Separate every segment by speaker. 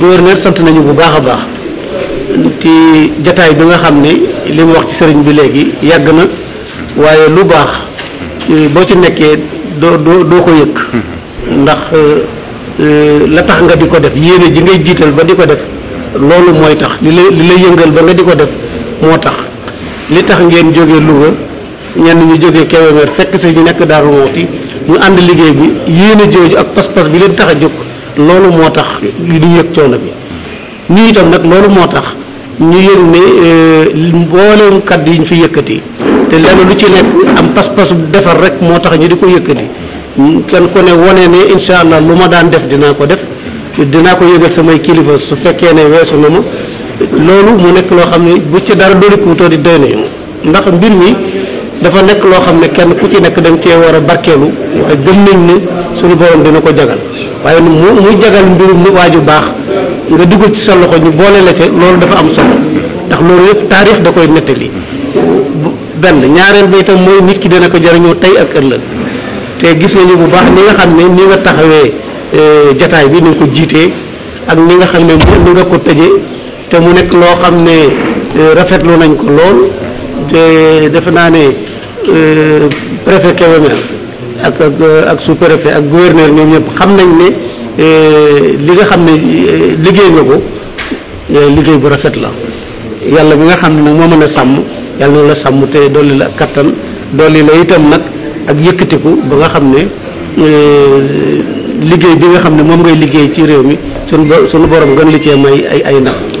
Speaker 1: gouverneur sant nañu bu baax a baax ci jataay bi nga xam ni li mu wax ci sëriñ bi léegi yàgg na waaye lu baax boo ci nekkee doo doo doo ko yëg ndax euh, la tax nga di ko def yéene ji ngay jiital ba di ko def loolu mooy tax li la li la yëngal ba nga di ko def moo tax li tax ngeen jóge Louga ñenn ñu jóge Kébémer fekk si ñu nekk Daaru Muxti ñu ànd liggéey bi yéene jooju ak pas-pas bi leen tax a jóg loolu moo tax ñu yëg coono bi ñu itam nag loolu moo tax ñu yëg ne euh, mbooleem kàddu yi ñu fi yëkkati te lenn lu ci nekk am pas-pasu defar rek moo tax ñu di ko yëkkati kenn ku ne wone ne incha allah lu ma daan def dinaa ko def dinaa ko yëgal samay kilifa su fekkee ne weesu na ma loolu mu nekk loo xam ne bu ci dara dolikuwutoo di doy na ndax mbir mi dafa nekk loo xam ne kenn ku ci nekk da nga war a barkeelu waaye gëm nañ ne suñu borom dina ko jagal waaye mu mu jagal mbirum waa ju baax nga dugal ci sa loxo ñu boole la ci loolu dafa am solo ndax loolu yëpp taarix da koy nettali benn ñaareel bi itam mooy nit ki dana ko jariñoo tey ak ëllëg te gis nañu bu baax ni nga xam ne ni nga taxawee eh, jataay bi ni ko jiitee ak ni nga xam ne ni nga ko tëjee te mu nekk loo xam ne eh, rafetlu nañ ko lool defe naa ne. Euh, préfet Kébémer ak ak su euh, sous ak gouverneur ñoom ñëpp xam nañ ne euh, li nga xam ne liggéey nga ko liggéey bu rafet la yàlla bi nga xam ne nag moo mën a sàmm yàlla na la sàmm te dolli la kattan dolli la itam nag ak yëkkatiku ba nga xam ne liggéey bi nga xam ne moom ngay liggéey ci réew mi sunu sunu borom gën li may ay ay ndax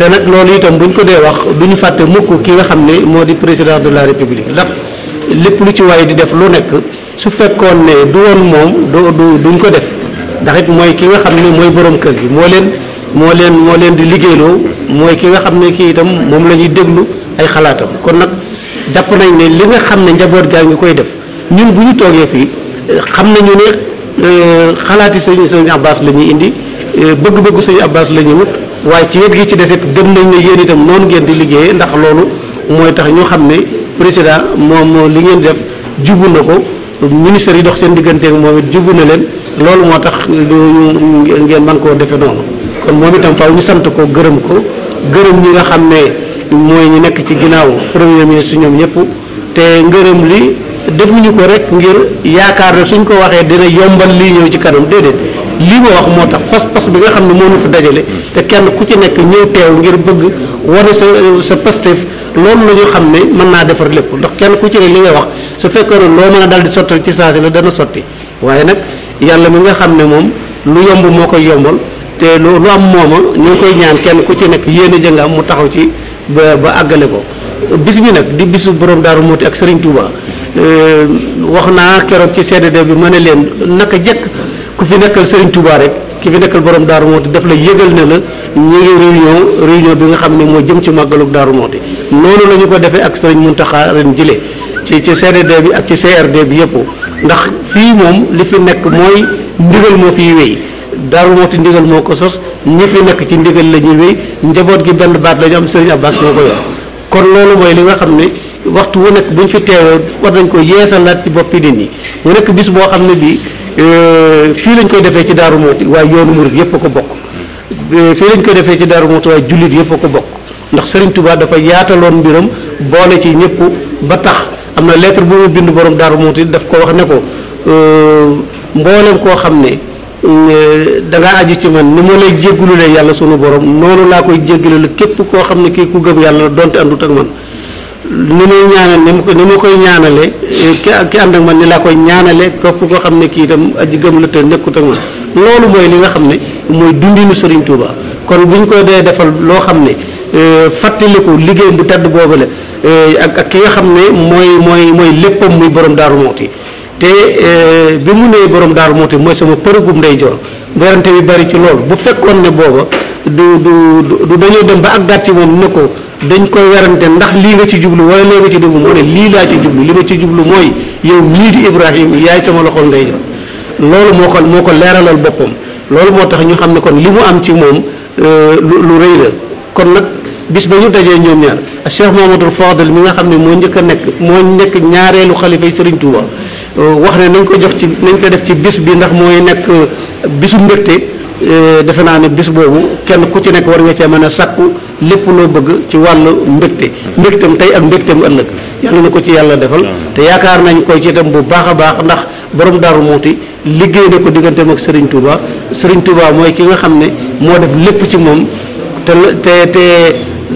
Speaker 1: te nag loolu itam buñ ko dee wax du ñu fàtte mukk ki nga xam ne moo di président de la république ndax lépp lu ci waaye di def lu nekk su fekkoon ne du woon moom du du duñ ko def ndax it mooy ki nga xam ne mooy borom kër gi moo leen moo leen moo leen di liggéeyloo mooy ki nga xam ne kii itam moom la ñuy déglu ay xalaatam kon nag jàpp nañ ne li nga xam ne njaboot gaa ngi koy def ñun bu ñu toogee fii xam na nañu ne euh, xalaati sëñ sëñ Abbas la ñuy indi euh, bëgg-bëggu sëñ Abbas la ñuy wut waaye ci wet gi ci desit gëm nañ ne yéen itam noonu ngeen di liggéeyee ndax loolu mooy tax ñu xam ne président moom li ngeen def jubu na ko ministère yi dox seen digganteeg moom it jubu na leen loolu moo tax ñu ngeen mën koo defe noonu kon moom itam faaw ñu sant ko gërëm ko gërëm ñi nga xam ne mooy ñu nekk ci ginnaaw premier ministre ñoom ñëpp te ngërëm li defuñu ko rek ngir yaakaar ne suñ ko waxee dina yombal lii ñëw ci kanam déedéet lii ma wax moo tax pas-pas bi nga xam ne moo ñu fi dajale te kenn ku ci nekk ñëw teew ngir bëgg wane sa sa Pastef loolu la ñu xam ne mën naa defar lépp ndox kenn ku ci ne li ngay wax su fekkee ne loo mën a daal di sottal ci saa si la dana sotti waaye nag yàlla mi nga xam ne moom lu yomb moo koy yombal te lu lu am mooma ñu ngi koy ñaan kenn ku ci nekk yéen a am mu taxaw ci ba ba àggale ko bis bi nag di bisu borom Daaru Muuti ak Serigne Touba euh, wax naa keroog ci CDD bi ma ne leen naka jekk ku fi nekkal Serigne Touba rek ki fi nekkal borom Darou Mouhty daf la yëgal ne la ñu ngi réunion bi nga xam ne moo jëm ci màggalu daaru Mouhty noonu la ñu ko defee ak Serigne Mountakha ren jëlee ci ci CDD bi ak ci CRD bi yëpp ndax fii moom li fi nekk mooy ndigal moo fiy wéy Darou Mouhty ndigal moo ko sos ñi fi nekk ci ndigal la ñuy wéy njaboot gi benn baat la am Serigne Abbas moo ko yor kon loolu mooy li nga xam ne waxtu wu nekk buñ fi teewee war nañ ko yeesalaat ci boppi nit ñi mu nekk bis boo xam ne bii. Euh, fii lañ koy defee ci Daaru Muxti waaye yoonu murit yëpp a ko bokk euh, fii lañ koy defee ci Daaru Muxti waaye jullit yëpp a ko bokk ndax Serigne Touba dafa yaataloon biram boole ci ñëpp ba tax am na lettre bu mu bind borom Daaru Muxti daf ko wax ne ko euh, mboolem koo xam ne da ngaa aju ci man ni ma lay jéggululee yàlla sunu borom noonu laa koy jéggale la képp koo xam ne kii ku gëm yàlla donte àndut ak man li may ñaanal ni ma ko ni ma koy ñaanale ki ki ànd ak man ni laa koy ñaanale képp koo xam ne kii itam aji gëm la te nekkut ak loolu mooy li nga xam ne mooy dundinu Serigne Touba kon bu ñu ko dee defal loo xam ne euh, fàttaliku liggéey bu tedd boobu la euh, ak ak ki nga xam ne mooy mooy mooy léppam muy borom Daaru Muxti te euh, bi mu nee borom Daaru Muxti mooy sama përëgum ndeyjoor werante bi bari ci loolu bu fekkoon ne booba du du du dañoo dem ba àggaat ci moom ne ko. dañ koy werante ndax lii nga ci jublu wala lii nga ci jublu mu lii laa ci jublu li ma ci jublu mooy yow mii di Ibrahima yaay sama loxol ndey jox loolu moo ko moo ko leeralal boppam loolu moo tax ñu xam ne kon li mu am ci moom euh, lu rëy la kon nag bis ba ñu dajee ñoom ñaar Cheikh Mamadou Fadel mi nga xam ne moo njëkk a nekk moo nekk ñaareelu xalifa yi Serigne Touba euh, wax ne nañ ko jox ci nañ ko def ci bis bi ndax mooy nekk euh, bisu mbégte Eh, defe naa ne bis boobu kenn ku ci nekk war nga cee mën a sàkku lépp loo bëgg ci wàllu mbégte mbégtam tey ak mbégtam ëllëg yàlla na ko ci yàlla defal te yaakaar nañ koy ci itam bu baax a baax ndax borom daaru muuti liggéey na ko digganteem ak Serigne Touba Serigne Touba mooy ki nga xam ne moo def lépp ci moom te te te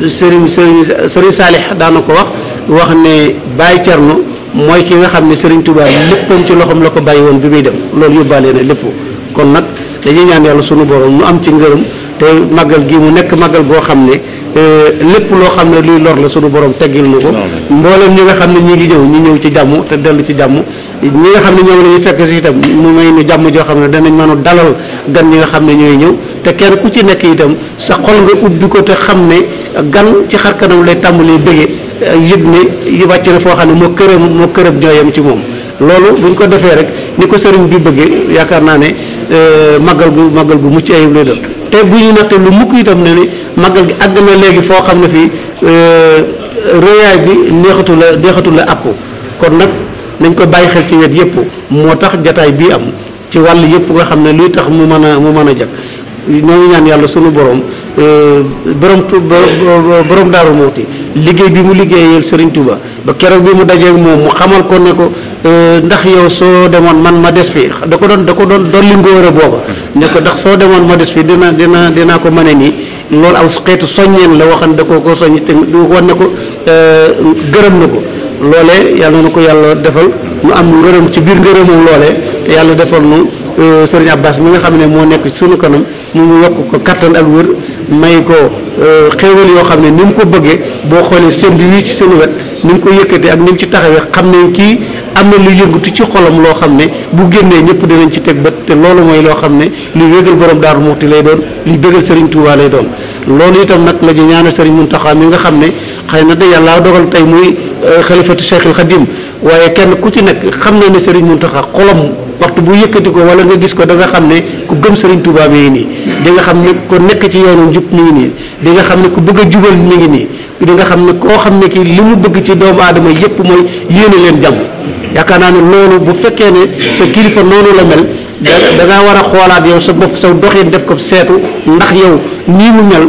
Speaker 1: Serigne Serigne Serigne Saalix daana ko wax wax ne Baye Thierno mooy ki nga xam ne Serigne Touba léppam ci loxoom la ko bàyyi woon bi muy dem loolu yóbbaale dañuy ñaan yàlla sunu borom mu am ci ngërëm te màggal gi mu nekk màggal goo xam ne euh, lépp loo xam ne luy lor la sunu borom teggil nu ko mboolem ñi nga xam ne ñi ngi ñëw ñu ñëw ci jàmm te dellu ci jàmm ñi nga xam ne ñoom la ñu fekk si itam mu may nu jàmm joo xam ne danañ mën a dalal gan ñi nga xam ne ñooy ñëw te kenn ku ci nekk itam sa xol nga ubbi ko te xam ne gan ci xar kanam lay tàmbalee bëgge euh, yëg ne wàcc na foo xam ne moo këram moo këram ñooyam ci moom loolu ñu ko defee rek ni ko sëriñ bi bëggee yaakaar naa ne Euh, màggal gu màggal gu mucc ayib lay doon te bu ñu nattee lu mukk itam ne ni màggal gi àgg na léegi foo xam ne fii euh, rëyaay bi neexatu la neexatu la àpp kon nag nañ ko bàyyi xel ci wet yëpp moo tax jataay bii am ci wàll yëpp nga xam ne luy tax mu mën a mu mën a jag ñoo ñaan yàlla sunu borom euh, borom borom daaru mooti liggéey bi mu liggéeyal Serigne Touba ba keroog bi mu dajeeg moom mu xamal ko ne ko Euh, ndax yow soo demoon man ma des fi da ko doon da ko doon dolli ngóor a booba ne ko ndax soo demoon ma des fii dina dina dinaa ko mën a nii loolu aw xeetu soññeen la waxan da ko ko soññ te wan ne ko euh, gërëm na ko loolee yàlla na ko yàlla defal nu am ngërëm ci biir ngërëmam loolee te yàlla defal nu euh, sëriñ Abbas mi nga xam ne moo nekk suñu kanam mu ngi yokk ko kattan ak wër may ko xéewal yoo xam ne ni mu ko bëggee boo xoolee sëñ bi wii ci seenu wet ni mu ko yëkkatee ak ni mu ci taxawee xam ne kii am na lu yëngutu ci xolam loo xam ne bu génnee ñëpp dinañ ci teg bët te loolu mooy loo xam ne luy wégal borom Daaru ti lay doon luy bégal Serigne Touba lay doon loolu itam nag la ñu ñaanal Serigne Mountakha mi nga xam ne xëy na day yàlla dogal tey muy euh, xalifatu Cheikhul Khadim waaye kenn ku ci nekk xam na ne Serigne Mountakha xolam. waxtu bu yëkkati ko wala nga gis ko danga xam ne ku gëm Serigne Touba mi ngi nii di nga xam ne ko nekk ci yoonu jub mi nii di nga xam ne ku bëgg jubal mi ngi nii di nga xam ne koo xam ne kii li mu bëgg ci doomu aadama yépp mooy yéene leen jàmm yaakaar naa ne loolu bu fekkee ne sa kilifa noonu la mel da war a xoolaat yow sa bopp sa doxin def ko seetu ndax yow nii mu mel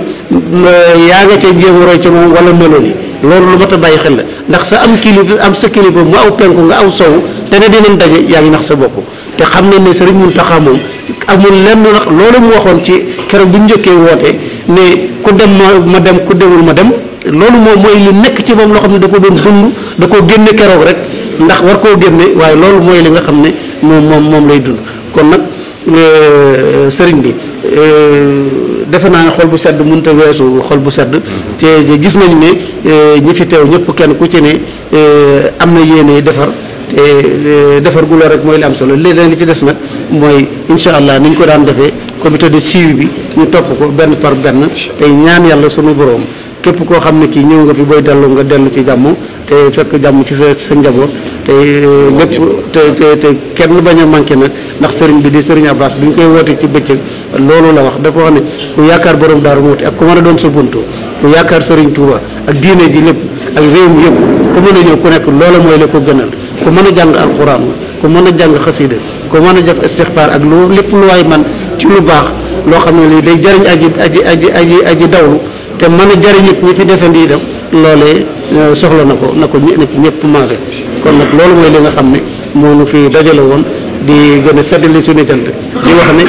Speaker 1: yaa nga ca jéem roy ca moom wala meloon yi loolu lu mat a bàyyi xel la ndax sa am kilifa am sa kilifa mu aw penku nga aw sow te ne dinañ daje yaa ngi nax sa bopp te xam nañ ne Serigne Mountakha moom amul lenn nag loolu mu waxoon ci keroog bu ñu njëkkee woote ne ku dem ma ma dem ku demul ma dem loolu moom mooy li nekk ci moom loo xam ne da ko doon dund da koo génne keroog rek ndax war koo génne waaye loolu mooy li nga xam ne moom moom moom lay dund kon nag euh, sëriñ bi euh, defe naa ne xol bu sedd mënut a weesu xol bu sedd te gis nañ ne euh, ñi fi teew ñëpp kenn ku ci ne am na yéene defar te eh, defar gu loolu rek mooy li am solo léeg-léeg li ci des nag mooy incha allah ni ñu ko daan defee comité de suivi bi ñu topp ko benn par benn tey ñaan yàlla sunu boroom képp koo xam ne kii ñëw nga fi booy dellu nga dellu ci jàmm te fekk jàmm ci sa sa njaboot te lépp te te kenn bañ a manqué nag ndax sëriñ bi di sëriñ Abbas bi ñu koy woote ci bëccëg loolu la wax dafa wax ne ku yaakaar borom daaru muuti ak ku mën a doon sa buntu ku yaakaar sëriñ Touba ak diine ji lépp ak ku nekk loola mooy la ko gënal ku mën a jàng alxuraan ko mën a jàng xasida ku mën a def istixfaar ak lu lépp lu waaye man ci lu baax loo xam ne lii day jëriñ aji aji aji aji aji dawlu te mën a jariñ it ñi fi desandi dem loolee euh, soxla na ko na ko na ci ñëpp maase kon nag loolu mooy li nga xam ne moo nu fi dajale woon di gën a feddali su cant di wax ne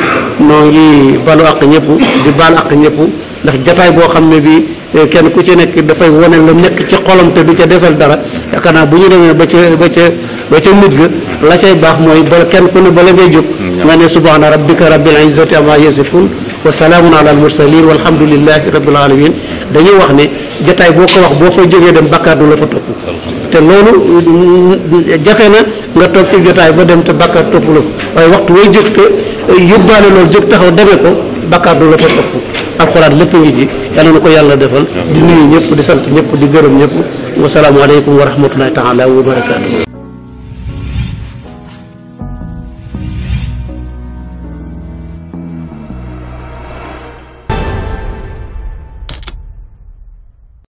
Speaker 1: noo ngi balu àq ñëpp di baal àq ñëpp ndax jataay boo xam ne bii kenn ku ci nekk dafay wane la nekk ci xolam bi ca desal dara yaakaar naa bu ñu demee ba ca ba ca ba ca mujj ga la cay baax mooy ba kenn ku ne bala ngay jóg mm-hmm. nga ne subhaana rabbika rabbil izzati amma yasifun wa salaamun ala al mursalin walhamdulillahi rabbil alamin dañuy wax ni jataay boo ko wax boo fa jógee dem bàkkaar du la fa topp te loolu jafe na nga toog ci jotaay ba dem te bàkkaar topp la waaye waxtu way jóg te yóbbaale loolu jóg taxaw demee ko bakkaar du la ko ëpp alxuraan lépp ngi ci yàlla na ko yàlla defal di nuyu ñëpp di sant ñëpp di gërëm ñëpp wasalaamualeykum wa rahmatullahi taala wa barakaatu